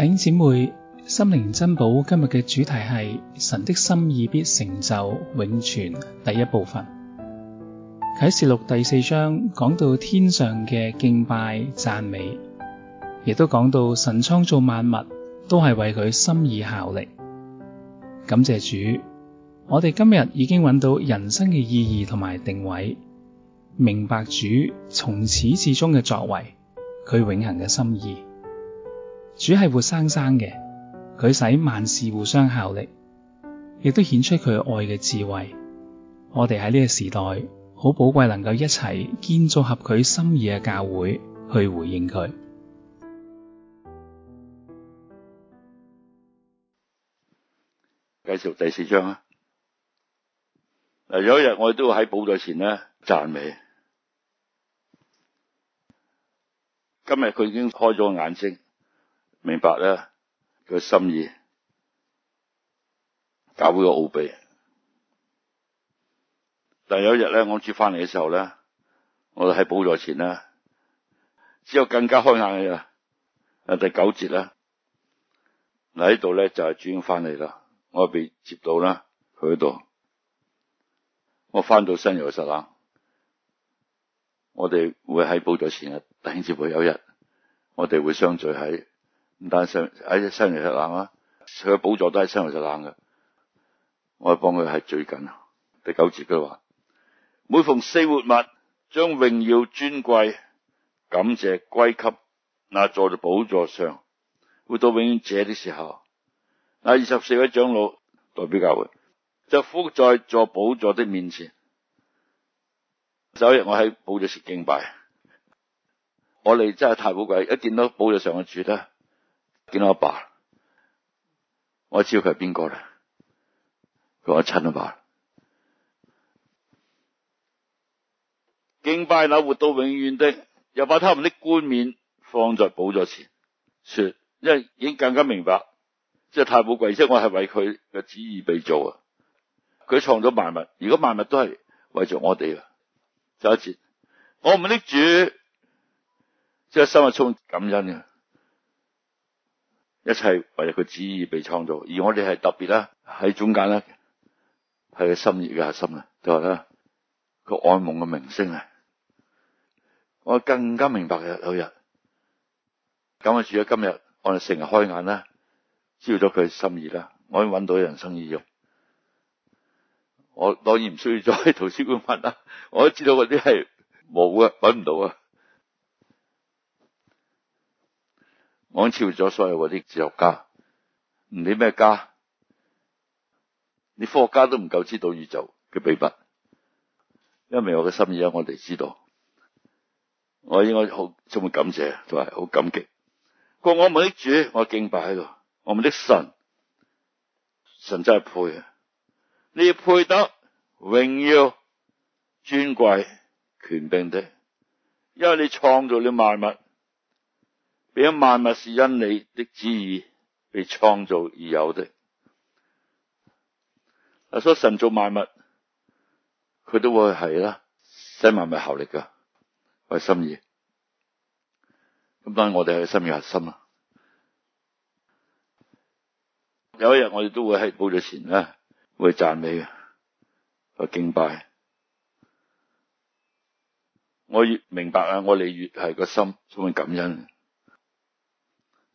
弟兄姊妹心靈珍寶，今日嘅主題係神的心意必成就永存。第一部分啟示錄第四章講到天上嘅敬拜讚美，亦都講到神創造萬物都係為佢心意效力。感謝主，我哋今日已經揾到人生嘅意義同埋定位，明白主從始至終嘅作為，佢永恆嘅心意。主係活生生嘅，佢使萬事互相效力，亦都顯出佢愛嘅智慧。我哋喺呢個時代好寶貴，能夠一齊建造合佢心意嘅教會，去回應佢。繼續第四章啊！嗱，有一日我哋都喺寶座前呢讚美，今日佢已經開咗個眼睛。明白咧，佢心意搞呢個奧秘。但有一日咧，我主翻嚟嘅時候咧，我哋喺寶座前啦，只有更加開眼嘅人。第九節啦，嚟呢度咧就係主英翻嚟啦，我被接到啦，佢喺度，我翻到新約實冷，我哋會喺寶座前啊，等住佢有一日，我哋會相聚喺。但上喺新耶路撒冷啦，佢嘅寶座都係新耶路撒冷嘅。我係幫佢係最緊第九節佢話，每逢四活物將榮耀、尊貴、感謝歸給那坐在寶座上，活到永遠者的時候，那二十四位長老代表教會就伏在坐寶座的面前。有日我喺寶座前敬拜，我哋真係太寶貴，一見到寶座上嘅主咧。見到阿爸，我知道佢係邊個啦。佢話親阿爸，敬拜那活到永遠的，又把他們啲冠冕放在寶座前，說：因為已經更加明白，即係太寶貴。即係我係為佢嘅旨意被造啊！佢創造萬物，如果萬物都係為着我哋啊，就一節，我唔啲主，即係心啊，充滿感恩嘅。一切為咗佢旨意被創造，而我哋係特別啦，喺中間啦，係佢心意嘅核心啊！就話咧，佢愛慕嘅明星啊，我更加明白嘅有日，咁啊，住咗今日，我哋成日開眼啦，知道咗佢心意啦，我已經揾到人生意欲。我當然唔需要再喺圖書館瞓啦，我都知道嗰啲係冇嘅，揾唔到啊！我超越咗所有嗰啲哲學家，唔理咩家你科學家都唔夠知道宇宙嘅秘密，因為我嘅心意，我哋知道，我應該好充滿感謝，都係好感激。過我們的主，我敬拜喺度，我們的神，神真係配啊！你要配得榮耀、尊貴、權柄的，因為你創造了萬物。比咗萬物是因你的旨意被創造而有的，所以神造萬物，佢都會係啦，使萬物效力噶。為，心意，咁當然我哋係心意核心啦，有一日我哋都會喺寶座前咧，會讚美嘅，會敬拜。我越明白啊，我哋越係個心充滿感恩。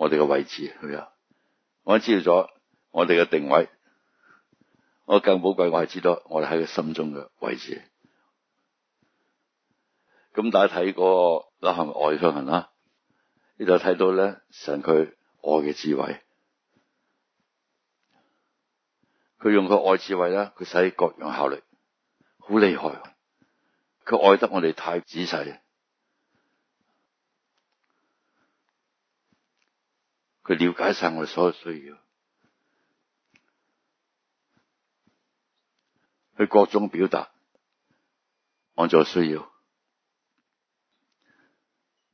我哋嘅位置我知道咗我哋嘅定位，我更寶貴，我知道我哋喺佢心中嘅位置。咁大家睇嗰個嗱，行外向行啦，呢度睇到咧他，佢愛嘅智慧，佢用佢的愛的智慧呢，佢使各樣效力，好厲害，佢愛得我哋太仔細。去了解晒我哋所有需要，佢各種表達我哋需要，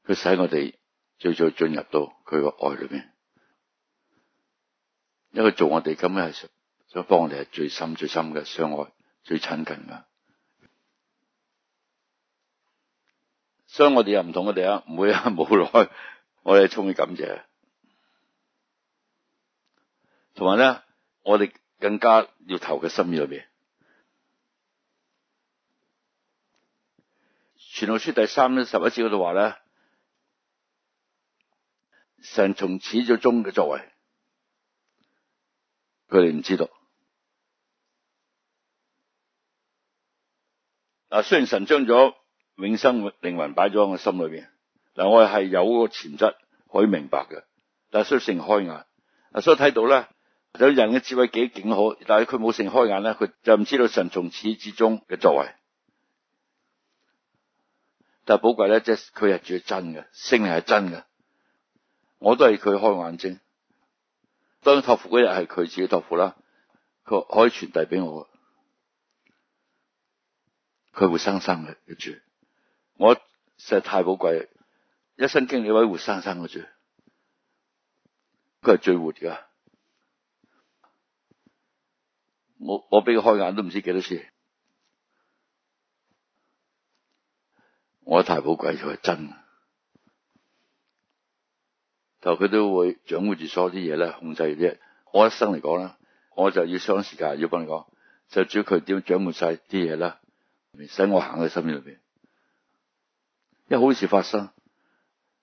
佢使我哋最早進入到佢個愛裏面，因為做我哋咁樣，係想幫我哋係最深最深嘅相愛最親近噶，所以我哋又唔同我哋啊，唔會啊冇耐，我哋充滿感謝。同埋咧，我哋更加要投嘅心意裏邊。傳道書第三十一節嗰度話咧，神從始至終嘅作為，佢哋唔知道。雖雖然神將咗永生靈魂擺咗喺我心裏邊，嗱，我係有個潛質可以明白嘅，但係需要聖開眼，啊，所以睇到咧。有人嘅智慧幾勁好，但係佢冇成開眼咧，佢就唔知道神從始至終嘅作為。但係寶貴咧，即係佢係住真嘅，聖人係真嘅。我都係佢開眼睛，當託付嗰日係佢自己托付啦，佢可以傳遞俾我，佢活生生嘅住。我實在太寶貴，一生經歷可活生生嘅住，佢係最活噶。我我俾佢開眼都唔知幾多次，我太寶貴咗，係真。但佢都會掌握住所有啲嘢咧，控制住啲。我一生嚟講啦，我就要雙時間。要幫你講，就主要佢點掌握晒啲嘢啦，使我行喺心裏裡邊。因為好事發生，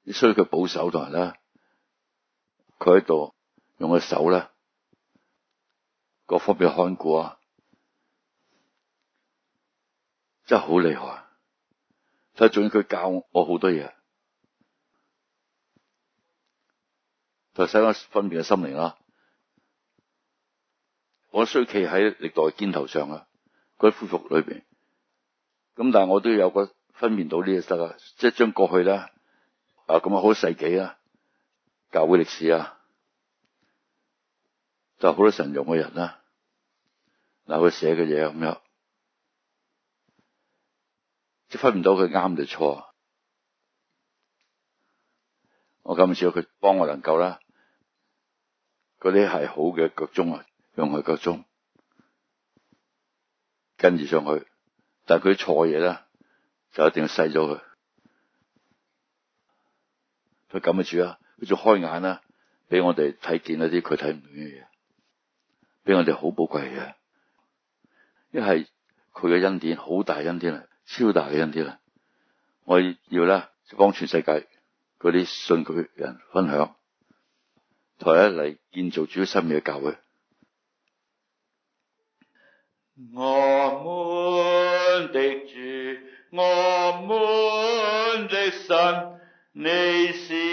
你需要佢保守同埋啦，佢喺度用個手咧。各方面看顧啊，真係好厲害，啊。但係仲要佢教我好多嘢，就使我分辨嘅心靈啦、啊。我需要企喺歷代肩頭上啊，嗰啲恢復裏邊。咁但係我都要有個分辨到呢啲嘢啦，即係將過去啦，啊咁啊好世紀啦，教會歷史啊。很就好多神用嘅人啦，嗱佢寫嘅嘢咁樣，即分唔到佢啱定錯。我咁少，佢幫我能夠啦，嗰啲係好嘅腳蹤啊，用佢腳蹤跟住上去。但係佢錯嘢咧，就一定要細咗佢。佢咁嘅主啊，佢仲開眼啦，俾我哋睇見一啲佢睇唔到嘅嘢。俾我哋好寶貴嘅，一係佢嘅恩典好大，大恩典超大嘅恩典啦，我要啦，幫全世界嗰啲信佢嘅人分享，同一嚟，建造主嘅身邊嘅教會。我們的主，我們的神，你是。